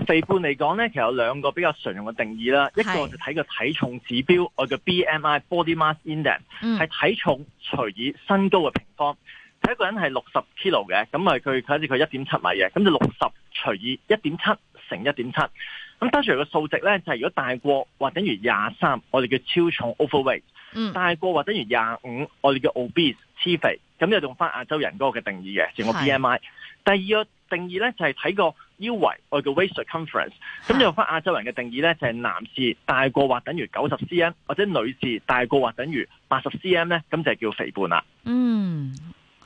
肥胖嚟講咧，其實有兩個比較常用嘅定義啦。一個就睇個體重指標，我叫 B M I（Body Mass Index），係、嗯、體重除以身高嘅平方。睇一個人係六十 kilo 嘅，咁啊佢睇住佢一點七米嘅，咁就六十除以一點七乘一點七。咁得出嚟嘅數值咧，就係、是、如果大過或等於廿三，我哋叫超重 （Overweight）；、嗯、大過或等於廿五，我哋叫 Obese（ 痴肥）。咁又用翻亞洲人嗰個嘅定義嘅，就我 B M I。第二個定義咧就係睇個。腰圍我叫 waist circumference，咁有翻亞洲人嘅定義咧，就係、是、男士大過或等於九十 cm 或者女士大過或等於八十 cm 咧，咁就係叫肥胖啦。嗯，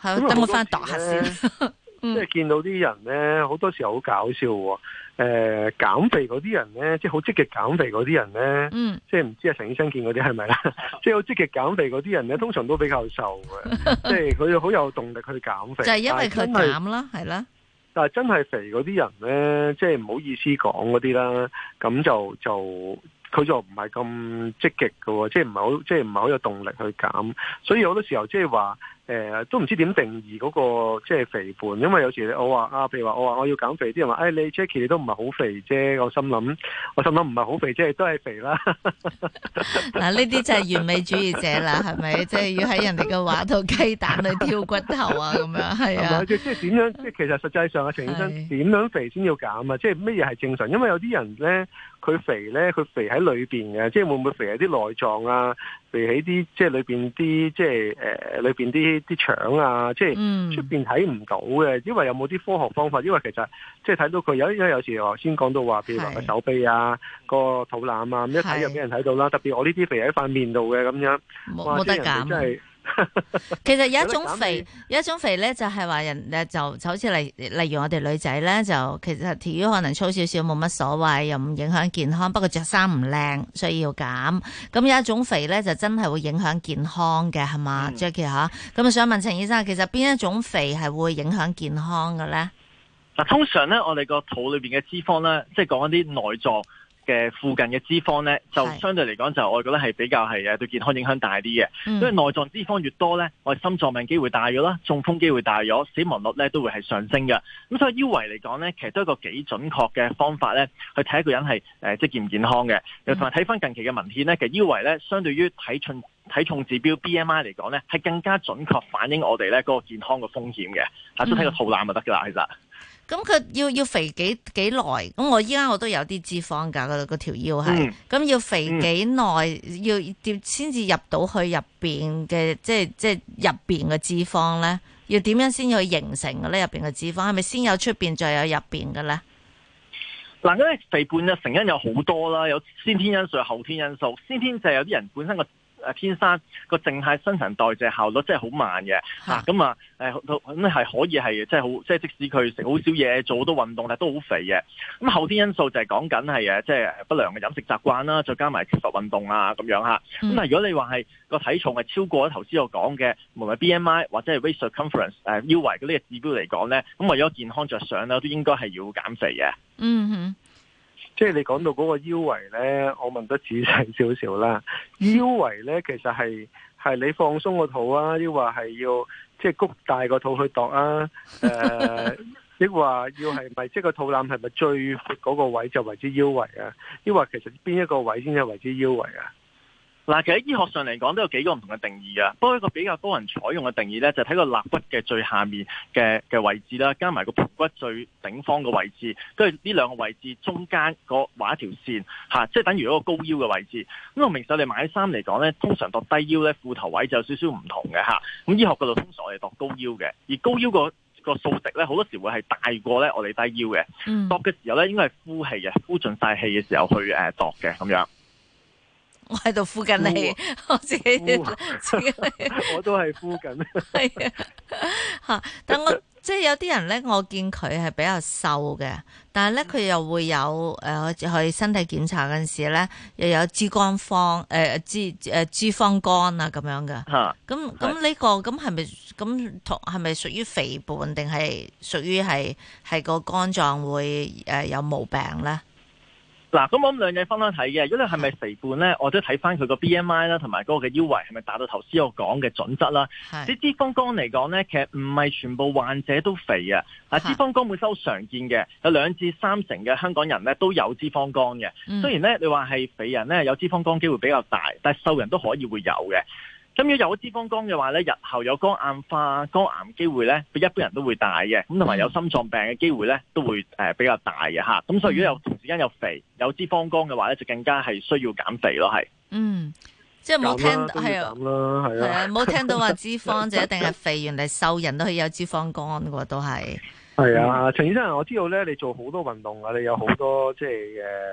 係，等我翻度下先 。即係見到啲人咧，好多時候好搞笑喎、哦。誒、呃，減肥嗰啲人咧，即係好積極減肥嗰啲人咧、嗯，即係唔知阿陳醫生見嗰啲係咪啦？是是 即係好積極減肥嗰啲人咧，通常都比較瘦嘅， 即係佢好有動力去減肥，就係、是、因為佢減啦，係啦。是但係真係肥嗰啲人咧，即係唔好意思講嗰啲啦，咁就就佢就唔係咁積極㗎喎，即係唔係好即係唔係好有動力去減，所以好多時候即係話。誒，都唔知點定義嗰個即係肥胖，因為有時我話啊，譬如話我話我要減肥，啲人話，哎，你 Jacky 你都唔係好肥啫。我心諗，我心諗唔係好肥即係，都係肥啦。嗱，呢啲就係完美主義者啦，係咪？即 係要喺人哋嘅話套雞蛋裏挑骨頭啊，咁樣係啊？即係點樣？即係其實實際上阿陳醫生點樣肥先要減啊？即係乜嘢係正常？因為有啲人咧，佢肥咧，佢肥喺裏邊嘅，即係會唔會肥喺啲內臟啊？肥喺啲即係裏邊啲即係誒裏邊啲。裏面的裏面的裏面的啲腸啊，即係出邊睇唔到嘅，因為有冇啲科學方法？因為其實即係睇到佢有，因為有時我先講到話，譬如話個手臂啊，個肚腩啊，咁一睇就俾人睇到啦。特別我呢啲肥喺塊面度嘅，咁樣哇，人哋真係～ 其實有一種肥，有一種肥咧，就係話人誒，就就好似例例如我哋女仔咧，就其實條腰可能粗少少，冇乜所謂，又唔影響健康。不過着衫唔靚，所以要減，減。咁有一種肥咧，就真係會影響健康嘅，係嘛 Jackie 吓。咁啊，我想問陳醫生，其實邊一種肥係會影響健康嘅咧？嗱，通常咧，我哋個肚裏邊嘅脂肪咧，即係講一啲內臟。嘅附近嘅脂肪咧，就相對嚟講就我覺得係比較係嘅對健康影響大啲嘅，因為內臟脂肪越多咧，我哋心臟病機會大咗啦，中風機會大咗，死亡率咧都會係上升嘅。咁所以腰圍嚟講咧，其實都係一個幾準確嘅方法咧，去睇一個人係誒即係健唔健康嘅、嗯。又同埋睇翻近期嘅文獻咧，其實腰圍咧相對於體重體重指標 B M I 嚟講咧，係更加準確反映我哋咧嗰個健康嘅風險嘅。下次睇個肚腩就得噶啦，其實。咁佢要要肥幾幾耐？咁我依家我都有啲脂肪噶，個個條腰係，咁、嗯、要肥幾耐、嗯？要點先至入到去入邊嘅，即係即係入邊嘅脂肪咧？要點樣先去形成嘅咧？入邊嘅脂肪係咪先有出邊，再有入邊嘅咧？嗱，嗰肥胖嘅成因有好多啦，有先天因素、後天因素。先天就係有啲人本身個。啊，天生個靜態新陳代謝效率真係好慢嘅嚇，咁啊誒咁係可以係即係好即係即使佢食好少嘢做好多運動但都好肥嘅。咁、嗯嗯、後天因素就係講緊係誒即係不良嘅飲食習慣啦，再加埋缺乏運動啊咁樣嚇。咁、嗯嗯、但如果你話係個體重係超過咗頭先我講嘅，無論 B M I 或者係 waist circumference 誒腰圍嗰啲指標嚟講咧，咁為咗健康着想咧都應該係要減肥嘅。嗯哼。即係你講到嗰個腰圍呢，我問得仔細少少啦。腰圍呢，其實係係你放鬆個肚啊，抑或係要即係谷大個肚去度啊。誒、呃，抑 或要係咪即係個肚腩係咪最闊嗰個位就為之腰圍啊？抑或其實邊一個位先至為之腰圍啊？嗱，其實喺醫學上嚟講都有幾個唔同嘅定義啊，不過一個比較多人採用嘅定義咧，就睇個肋骨嘅最下面嘅嘅位置啦，加埋個盆骨最頂方嘅位置，跟住呢兩個位置中間個畫一條線，吓，即係等於一個高腰嘅位置。咁我明實你買衫嚟講咧，通常度低腰咧，褲頭位置就有少少唔同嘅吓。咁醫學嗰度通常我哋度高腰嘅，而高腰個個數值咧，好多時會係大過咧我哋低腰嘅，嗯。度嘅時候咧，應該係呼氣嘅，呼盡晒氣嘅時候去誒度嘅咁樣。我喺度敷緊你、啊，我自己、啊我，自己啊、 我都係敷緊。係吓，但我 即係有啲人咧，我見佢係比較瘦嘅，但係咧佢又會有誒，去、呃、身體檢查嗰陣時咧，又有脂肪誒、呃、脂誒脂肪肝啊咁樣嘅。咁咁呢個咁係咪咁同係咪屬於肥胖定係屬於係係個肝臟會誒有毛病咧？嗱，咁我諗兩樣分開睇嘅，如果你係咪肥胖呢， 我都睇翻佢個 B M I 啦，同埋嗰個嘅腰圍係咪達到頭先我講嘅準則啦。啲脂肪肝嚟講呢，其實唔係全部患者都肥啊，脂肪肝會收常見嘅，有兩至三成嘅香港人呢都有脂肪肝嘅，嗯。雖然呢，你話係肥人呢，有脂肪肝機會比較大，但係瘦人都可以會有嘅。咁如果有脂肪肝嘅話咧，日後有肝硬化、肝癌機會咧，比一般人都會大嘅。咁同埋有心臟病嘅機會咧，都會誒比較大嘅吓。咁所以如果有同時間有肥、有脂肪肝嘅話咧，就更加係需要減肥咯，係。嗯，即係冇聽係啊，係啊，冇、啊、聽到話脂肪就一定係肥， 原來瘦人都可以有脂肪肝噶喎，都係。係啊，陳、嗯、醫生，我知道咧，你做好多運動啊，你有好多即係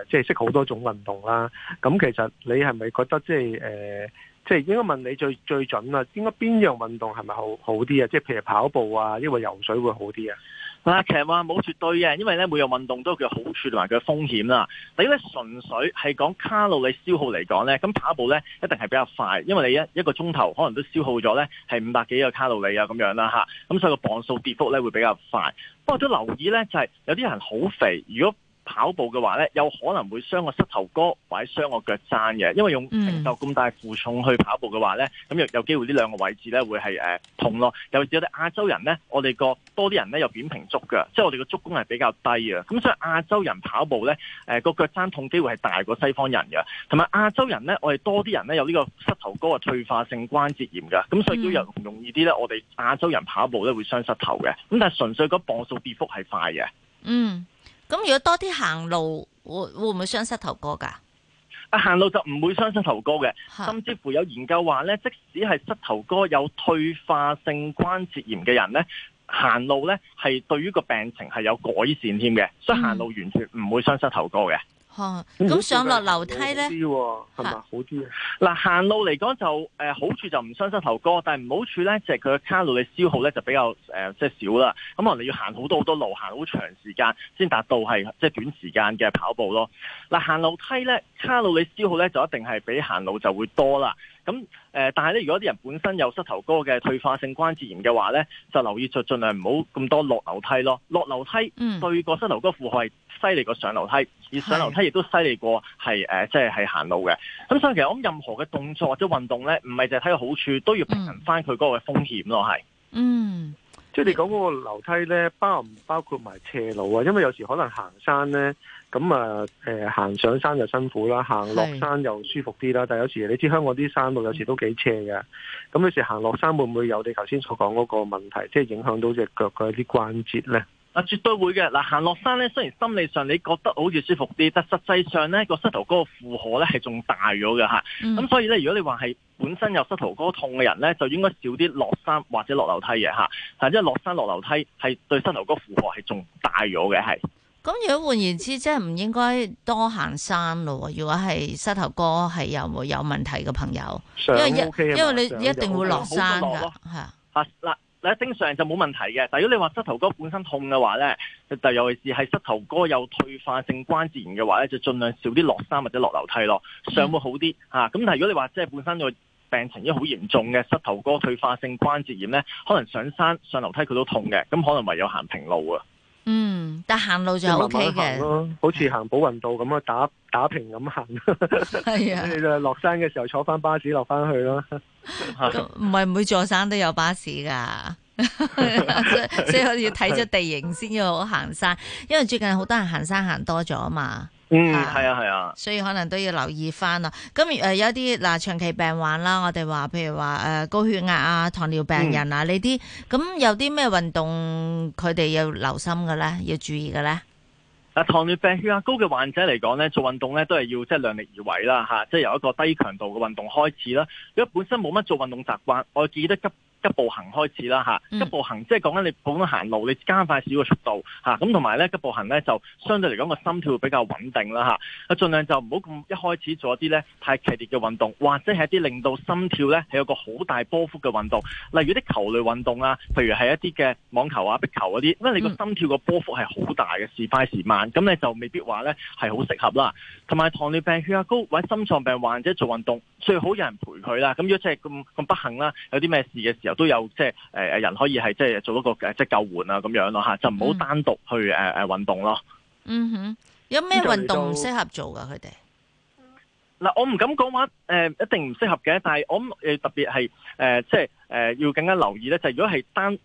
誒，即係識好多種運動啦。咁其實你係咪覺得即係誒？呃即係應該問你最最準啦，應該邊樣運動係咪好好啲啊？即係譬如跑步啊，因為游水會好啲啊。嗱，其實話冇絕對嘅，因為咧每樣運動都有佢好處同埋佢風險啦。你咧純粹係講卡路里消耗嚟講咧，咁跑步咧一定係比較快，因為你一一個鐘頭可能都消耗咗咧係五百幾個卡路里啊咁樣啦嚇。咁所以個磅數跌幅咧會比較快。不過都留意咧，就係有啲人好肥，如果，跑步嘅話咧，有可能會傷個膝頭哥或者傷個腳踭嘅，因為用承受咁大負重去跑步嘅話咧，咁又有機會呢兩個位置咧會係誒痛咯。尤其是我哋亞洲人咧，我哋個多啲人咧有扁平足嘅，即係我哋個足弓係比較低㗎。咁所以亞洲人跑步咧，誒個腳踭痛機會係大過西方人嘅。同埋亞洲人咧，我哋多啲人咧有呢個膝頭哥嘅退化性關節炎嘅，咁所以都容容易啲咧，我哋亞洲人跑步咧會傷膝頭嘅。咁但係純粹個磅數跌幅係快嘅。嗯。咁如果多啲行路，會會唔會傷膝頭哥噶？啊，行路就唔會傷膝頭哥嘅，甚至乎有研究話咧，即使係膝頭哥有退化性關節炎嘅人咧，行路咧係對於個病情係有改善添嘅，所以行路完全唔會傷膝頭哥嘅。嗯咁、嗯嗯嗯嗯、上落樓梯咧，吓，係咪好啲？嗱，行路嚟講、啊、就誒、呃，好處就唔傷膝頭哥，但係唔好處咧就係佢嘅卡路里消耗咧就比較誒、呃、即係少啦。咁我哋要行好多好多路，行好長時間先達到係即係短時間嘅跑步咯。嗱，行樓梯咧卡路里消耗咧就一定係比行路就會多啦。咁、嗯、誒、呃，但係咧，如果啲人本身有膝頭哥嘅退化性關節炎嘅話咧，就留意就盡量唔好咁多落樓梯咯。落樓梯對個膝頭哥負荷係犀利過上樓梯、嗯，而上樓梯亦都犀利過係誒，即係係行路嘅。咁所以其實我諗任何嘅動作或者運動咧，唔係淨係睇好處，都要平衡翻佢嗰個風險咯，係。嗯，即係你講嗰個樓梯咧，包唔包括埋斜路啊？因為有時可能行山咧。咁啊，呃，行上山就辛苦啦，行落山又舒服啲啦。但有時你知香港啲山路有時都幾斜嘅，咁有時行落山會唔會有你頭先所講嗰個問題，即係影響到隻腳嘅啲關節呢？啊，絕對會嘅。嗱，行落山呢，雖然心理上你覺得好似舒服啲，但實際上呢，個膝頭哥負荷呢係仲大咗嘅吓。咁所以呢，如果你話係本身有膝頭哥痛嘅人呢，就應該少啲落山或者落樓梯嘅吓。但係因為落山落樓梯係對膝頭哥負荷係仲大咗嘅係。咁如果換言之，即係唔應該多行山咯。如果係膝頭哥係有冇有問題嘅朋友，因為一因為你一定會落山噶。係啊，嗱正常就冇問題嘅。但如果你話膝頭哥本身痛嘅話咧，就尤其是係膝頭哥有退化性關節炎嘅話咧，就盡量少啲落山或者落樓梯咯，上會好啲。吓、嗯，咁、啊、但係如果你話即係本身個病情已經好嚴重嘅膝頭哥退化性關節炎咧，可能上山上樓梯佢都痛嘅，咁可能唯有行平路啊。但行路就 O K 嘅，好似行寶雲道咁啊，打打平咁行，跟住就落山嘅時候坐翻巴士落翻去咯。唔 係每座山都有巴士噶 所以 所以我要睇咗地形先要行山，因為最近好多人行山行多咗嘛。嗯，係啊，係啊，啊，啊，所以可能都要留意翻啦。咁誒、呃，有啲嗱、呃，長期病患啦，我哋話，譬如話，誒、呃，高血壓啊，糖尿病人啊，呢、嗯、啲，咁有啲咩運動佢哋要留心嘅咧，要注意嘅咧？啊，糖尿病、血壓高嘅患者嚟講咧，做運動咧都係要即係量力而為啦，嚇、啊，即、就、係、是、由一個低強度嘅運動開始啦。如果本身冇乜做運動習慣，我自己得急。急步行開始啦嚇，急步行即係講緊你普通行路，你加快少個速度嚇。咁同埋咧急步行咧就相對嚟講個心跳會比較穩定啦嚇。啊，儘量就唔好咁一開始做一啲咧太劇烈嘅運動，或者係一啲令到心跳咧係有個好大波幅嘅運動，例如啲球類運動啊，譬如係一啲嘅網球啊、壁球嗰啲，因為你個心跳個波幅係好大嘅，時快時慢，咁你就未必話咧係好適合啦。同埋糖尿病、血壓高或者心臟病患者做運動，最好有人陪佢啦。咁如果真係咁咁不幸啦，有啲咩事嘅時候，都有即係誒誒人可以係即係做一個誒即係救援啊咁樣咯吓，就唔好單獨去誒誒運動咯。嗯哼，有咩運動唔適合做噶？佢哋嗱，我唔敢講話誒，一定唔適合嘅。但係我誒特別係誒即係誒要更加留意咧，就係如果係單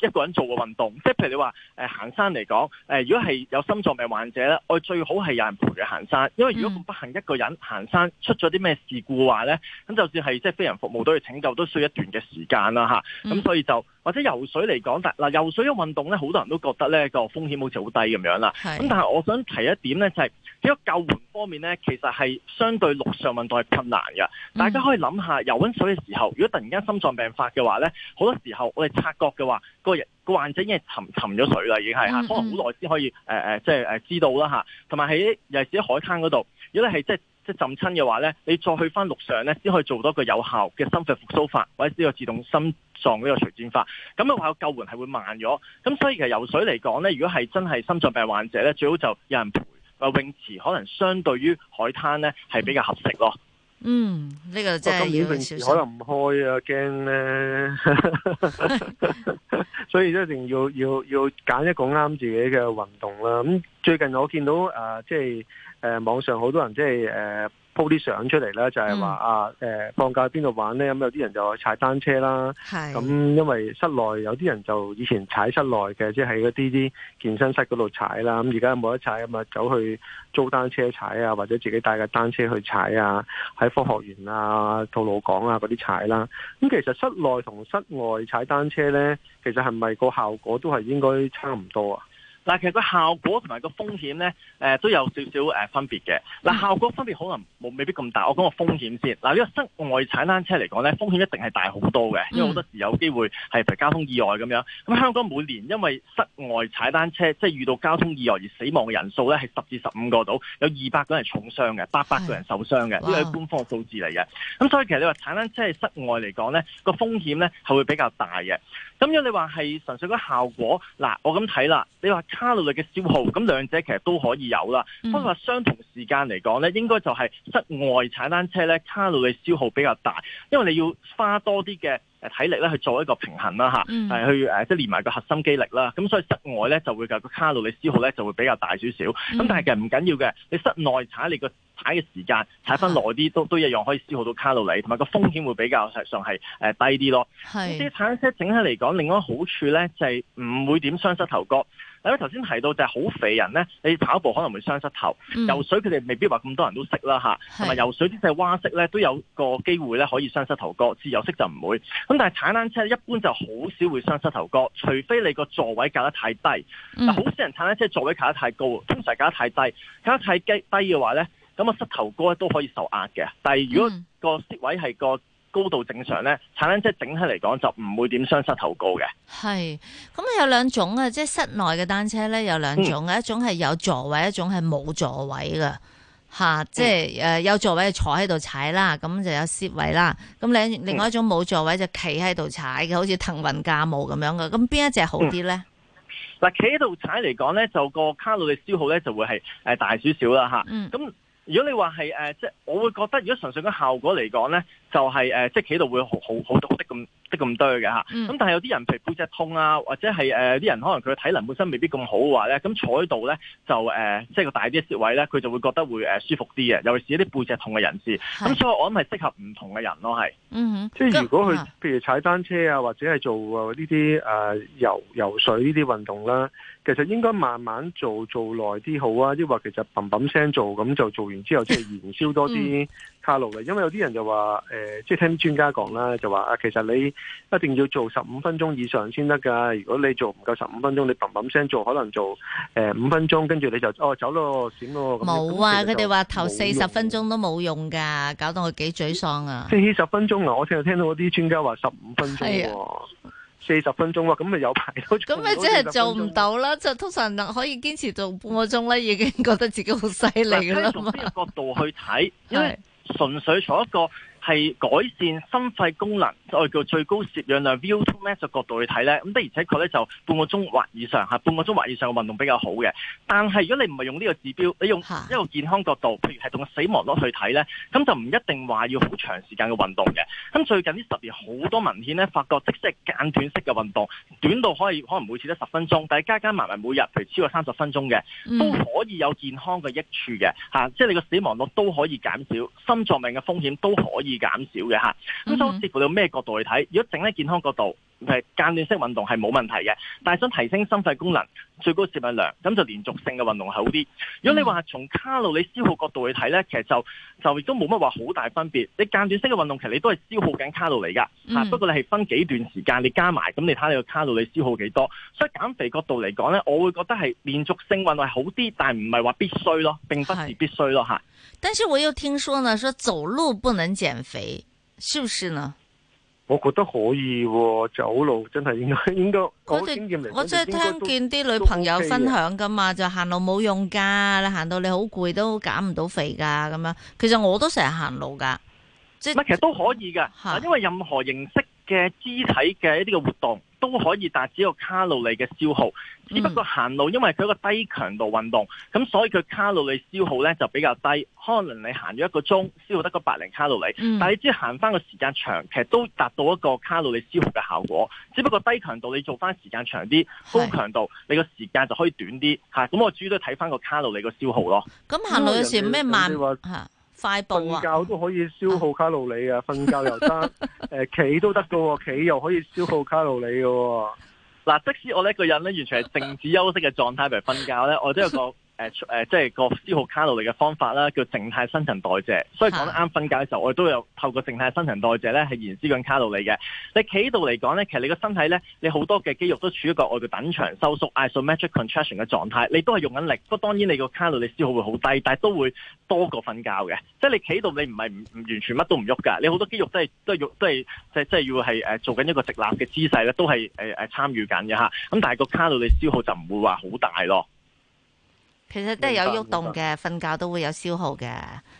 一個人做嘅運動，即係譬如你話誒、呃、行山嚟講，誒、呃、如果係有心臟病患者咧，我最好係有人陪佢行山，因為如果咁不幸一個人行山出咗啲咩事故嘅話咧，咁就算係即係私人服務都要拯救，都需要一段嘅時間啦吓，咁、啊嗯、所以就。或者游水嚟講，但嗱游水嘅運動咧，好多人都覺得咧個風險好似好低咁樣啦。咁但係我想提一點咧、就係，就係喺救援方面咧，其實係相對陸上運動係困難嘅。大家可以諗下游溫水嘅時候，如果突然間心臟病發嘅話咧，好多時候我哋察覺嘅話，個個患者已經沉沉咗水啦，已經係可能好耐先可以誒即係知道啦。同埋喺尤其是喺海灘嗰度，如果係即係。即係浸親嘅話咧，你再去翻陸上咧，先可以做到一個有效嘅心肺復甦法，或者呢個自動心臟呢個除顫法。咁啊，話個救援係會慢咗。咁所以其實游水嚟講咧，如果係真係心臟病患者咧，最好就有人陪。泳池可能相對於海灘咧，係比較合適咯。嗯，呢、這個真係要少少，可能唔開啊，驚咧， 所以一定要要要揀一個啱自己嘅運動啦。咁、嗯、最近我見到誒、呃，即係誒、呃、網上好多人即係誒。呃鋪啲相出嚟呢，就係、是、話、嗯、啊，誒，放假去邊度玩呢？咁、嗯、有啲人就去踩單車啦，咁、嗯、因為室內有啲人就以前踩室內嘅，即係喺嗰啲啲健身室嗰度踩啦。咁而家冇得踩，咁啊、嗯、走去租單車踩啊，或者自己帶架單車去踩啊，喺科學園啊、吐露港啊嗰啲踩啦。咁、嗯、其實室內同室外踩單車呢，其實係咪個效果都係應該差唔多啊？但其實個效果同埋個風險咧、呃，都有少少、呃、分別嘅。嗱、呃，效果分別可能冇未必咁大。我講個風險先。嗱、呃，呢、這個室外踩單車嚟講咧，風險一定係大好多嘅，因為好多時有機會係譬如交通意外咁樣。咁、呃、香港每年因為室外踩單車即係遇到交通意外而死亡嘅人數咧，係十至十五個度，有二百個人係重傷嘅，八百個人受傷嘅，呢個係官方數字嚟嘅。咁、呃、所以其實你話踩單車係室外嚟講咧，個風險咧係會比較大嘅。咁樣你話係純粹個效果，嗱，我咁睇啦，你話卡路里嘅消耗，咁兩者其實都可以有啦。不、嗯、過相同時間嚟講咧，應該就係室外踩單車咧，卡路里消耗比較大，因為你要花多啲嘅。誒體力咧去做一個平衡啦、嗯啊、去誒、啊、即係連埋個核心肌力啦，咁、啊、所以室外咧就會個卡路里消耗咧就會比較大少少，咁、嗯、但係其實唔緊要嘅，你室內踩你個踩嘅時間踩翻耐啲都都一樣可以消耗到卡路里，同埋個風險會比較實上係低啲咯。咁啲踩車整體嚟講，另外個好處咧就係、是、唔會點傷膝頭角。嗱，你頭先提到就係好肥人呢，你跑步可能會傷膝頭，嗯、游水佢哋未必話咁多人都識啦吓，同埋游水啲細蛙式呢，都有個機會呢可以傷膝頭哥，自由式就唔會。咁但係踩單車一般就好少會傷膝頭哥，除非你個座位架得太低。嗱、嗯，好、啊、少人踩單車座位架得太高，通常架得太低，架得太低低嘅話呢，咁啊膝頭哥都可以受壓嘅。但係如果個姿位係個高度正常咧，踩單車整體嚟講就唔會點傷膝頭哥嘅。係咁，有兩種啊，即係室內嘅單車咧，有兩種，兩種嗯、一種係有座位，一種係冇座位噶吓、嗯啊，即係誒有座位就坐喺度踩啦，咁就有攝位啦。咁另另外一種冇座位就企喺度踩嘅，好似騰雲駕霧咁樣嘅。咁邊一隻好啲咧？嗱、嗯，企喺度踩嚟講咧，就個卡路里消耗咧就會係誒大少少啦吓，咁、嗯、如果你話係誒，即係我會覺得，如果純粹嘅效果嚟講咧。就係、是、誒、呃，即係企到會好好好得咁積咁多嘅咁，但係有啲人譬如背脊痛啊，或者係誒啲人可能佢體能本身未必咁好嘅話咧，咁坐喺度咧就誒、呃，即係個大啲嘅穴位咧，佢就會覺得會誒舒服啲嘅。尤其是一啲背脊痛嘅人士。咁所以我諗係適合唔同嘅人咯，係、嗯。即係如果佢譬如踩單車啊，或者係做呢啲誒遊游水呢啲運動啦、啊，其實應該慢慢做做耐啲好啊。抑或其實砰砰聲做咁就做完之後，即係燃燒多啲。 嗯因為有啲人就話，誒，即係聽專家講啦，就話、是、啊，其實你一定要做十五分鐘以上先得噶。如果你做唔夠十五分鐘，你砰砰聲做，可能做誒五、呃、分鐘，跟住你就哦走咯閃咯。冇啊，佢哋話頭四十分鐘都冇用噶，搞到我幾沮喪啊！四十分鐘啊，我聽聽到啲專家話十五分鐘、啊，四、哎、十分鐘喎，咁咪有排都到、啊。咁咪即係做唔到啦，就通常可以堅持做半個鐘咧，已經覺得自己好犀利噶啦嘛。從邊個角度去睇？ 因為。純粹做一個，係改善心肺功能，再叫最高攝氧量 （VO2max） 嘅角度去睇咧，咁的而且確咧就半個鐘或以上嚇，半個鐘或以上嘅運動比較好嘅。但係如果你唔係用呢個指標，你用一個健康角度，譬如係同個死亡率去睇咧，咁就唔一定話要好長時間嘅運動嘅。咁最近呢十年好多文獻咧，發覺即使係間斷式嘅運動，短到可以可能每次得十分鐘，但係加加埋埋每日，譬如超過三十分鐘嘅，都可以有健康嘅益處嘅、嗯、即係你個死亡率都可以減少，心臟病嘅風險都可以。以、嗯、減少嘅嚇，咁、嗯、都、嗯、似乎到咩角度去睇。如果整喺健康角度，係間斷式運動係冇問題嘅。但係想提升心肺功能、最高攝入量，咁就連續性嘅運動係好啲。如果你話從卡路里消耗角度去睇咧，其實就就亦都冇乜話好大分別。你間斷式嘅運動其實你都係消耗緊卡路嚟㗎，嚇、嗯啊。不過你係分幾段時間你加埋，咁你睇下你個卡路里消耗幾多。所以減肥角度嚟講咧，我會覺得係連續性運動係好啲，但係唔係話必須咯，並不是必須咯嚇。但是我又聽說呢，說走路不能減肥是不是呢？我覺得可以走路，真係應該應該。我的我即係聽見啲女朋友分享噶嘛，就行路冇用噶，你行到你好攰都減唔到肥噶咁樣。其實我都成日行路噶，即係其實都可以噶，啊，因為任何形式嘅肢體嘅一啲嘅活動。都可以達至一個卡路里嘅消耗，只不過行路，因為佢一個低強度運動，咁、嗯、所以佢卡路里消耗咧就比較低。可能你行咗一個鐘，消耗得個百零卡路里，嗯、但係你知行翻個時間長，其實都達到一個卡路里消耗嘅效果。只不過低強度你做翻時間長啲，高強度你個時間就可以短啲嚇。咁我主要都睇翻個卡路里個消耗咯。咁、嗯、行路有時有咩慢.瞓覺都可以消耗卡路里啊！瞓覺又得，誒 企、呃、都得噶，企又可以消耗卡路里噶。嗱， 即使我呢個人咧，完全係靜止休息嘅狀態，譬如瞓覺咧，我都有個。誒、呃、誒、呃，即係個消耗卡路里嘅方法啦，叫靜態新陳代謝。所以講得啱，瞓覺嘅時候我哋都有透過靜態新陳代謝咧，係燃燒緊卡路里嘅。你企喺度嚟講咧，其實你個身體咧，你好多嘅肌肉都處於一個我哋等長收縮 （isometric contraction） 嘅狀態，你都係用緊力。不過當然你個卡路里消耗會好低，但係都會多過瞓覺嘅。即係你企喺度，你唔係唔唔完全乜都唔喐噶，你好多肌肉都係都係都係即係即係要係誒、呃、做緊一個直立嘅姿勢咧，都係誒誒參與緊嘅吓。咁、呃啊、但係個卡路里消耗就唔會話好大咯。其實都係有喐動嘅，瞓覺都會有消耗嘅。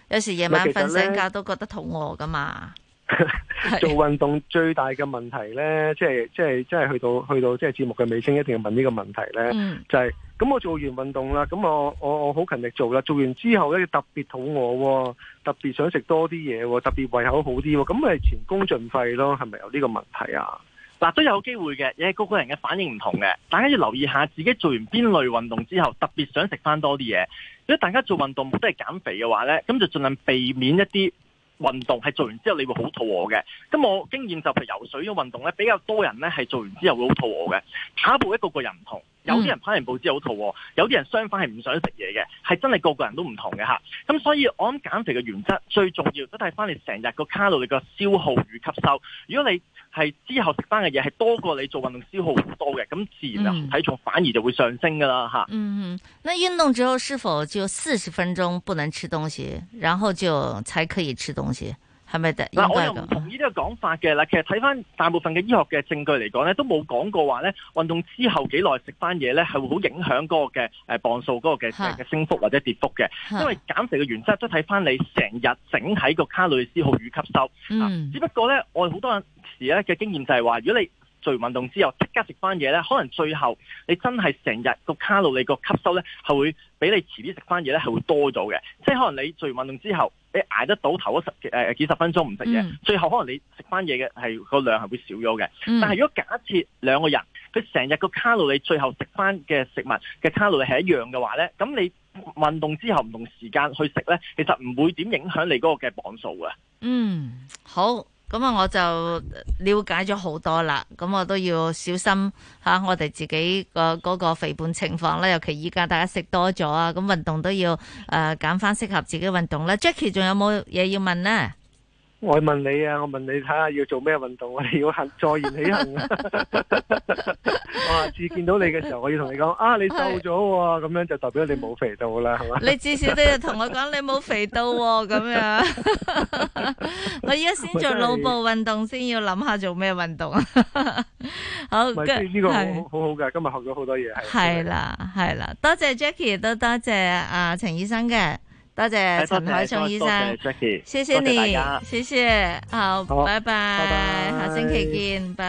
有時夜晚瞓醒覺都覺得肚餓噶嘛。 做運動最大嘅問題呢，即係即係即係去到去到即係節目嘅尾聲，一定要問呢個問題呢、嗯、就係、是、咁我做完運動啦，咁我我好勤力做啦，做完之後咧特別肚餓，特別想食多啲嘢，特別胃口好啲、哦，咁咪前功盡廢咯，係咪有呢個問題啊？嗱，都有機會嘅，因為個個人嘅反應唔同嘅，大家要留意下自己做完邊類運動之後，特別想食翻多啲嘢。如果大家做運動都係減肥嘅話呢，咁就盡量避免一啲運動係做完之後，你會好肚餓嘅。咁我經驗就譬如游水嘅運動呢，比較多人呢係做完之後會好肚餓嘅。跑步，一個個人唔同。有啲人跑完步之後好肚餓，有啲人相反係唔想食嘢嘅，係真係個個人都唔同嘅吓。咁所以我諗減肥嘅原則最重要都睇翻你成日個卡路里個消耗與吸收。如果你係之後食翻嘅嘢係多過你做運動消耗好多嘅，咁自然啊體重反而就會上升噶啦吓。嗯嗯，那運動之後是否就四十分鐘不能吃東西，然後就才可以吃東西？係咪？嗱，我又唔同意呢個講法嘅啦。其實睇翻大部分嘅醫學嘅證據嚟講咧，都冇講過話咧，運動之後幾耐食翻嘢咧，係會好影響嗰個嘅誒磅數嗰個嘅嘅升幅或者跌幅嘅。因為減肥嘅原則都睇翻你成日整體個卡路里消耗與吸收。只不過咧，我好多時咧嘅經驗就係話，如果你做完運動之後即刻食翻嘢咧，可能最後你真係成日個卡路里個吸收咧，係會比你遲啲食翻嘢咧係會多咗嘅。即係可能你做完運動之後。你捱得到頭嗰十誒幾十分鐘唔食嘢，最後可能你食翻嘢嘅係個量係會少咗嘅，嗯。但係如果假設兩個人佢成日個卡路里最後食翻嘅，食物嘅卡路里係一樣嘅話咧，咁你運動之後唔同時間去食咧，其實唔會點影響你嗰個嘅磅數嘅。嗯，好。咁我就了解咗好多啦。咁我都要小心下，我哋自己個嗰個肥胖情況啦，尤其依家大家食多咗啊，咁運動都要誒揀返適合自己嘅運動啦。Jackie 仲有冇嘢要問咧？我問你啊，我問你睇下要做咩運動，啊，我要行再而起行啊！我 下次 見到你嘅時候，我要同你講啊，你瘦咗喎，咁樣就代表你冇肥到啦，係嘛？你至少都要同我講你冇肥到喎，咁樣。 我依家先做腦部運動，先要諗下做咩運動，啊 好這個。好，呢個好好好嘅，今日學咗好多嘢。係啦，係啦，多謝 Jackie，多多謝啊陳、呃、醫生嘅。多謝陳海聰醫生，謝謝，Jackie, 謝謝你，謝謝，謝謝謝，好，拜拜，下星期見，拜。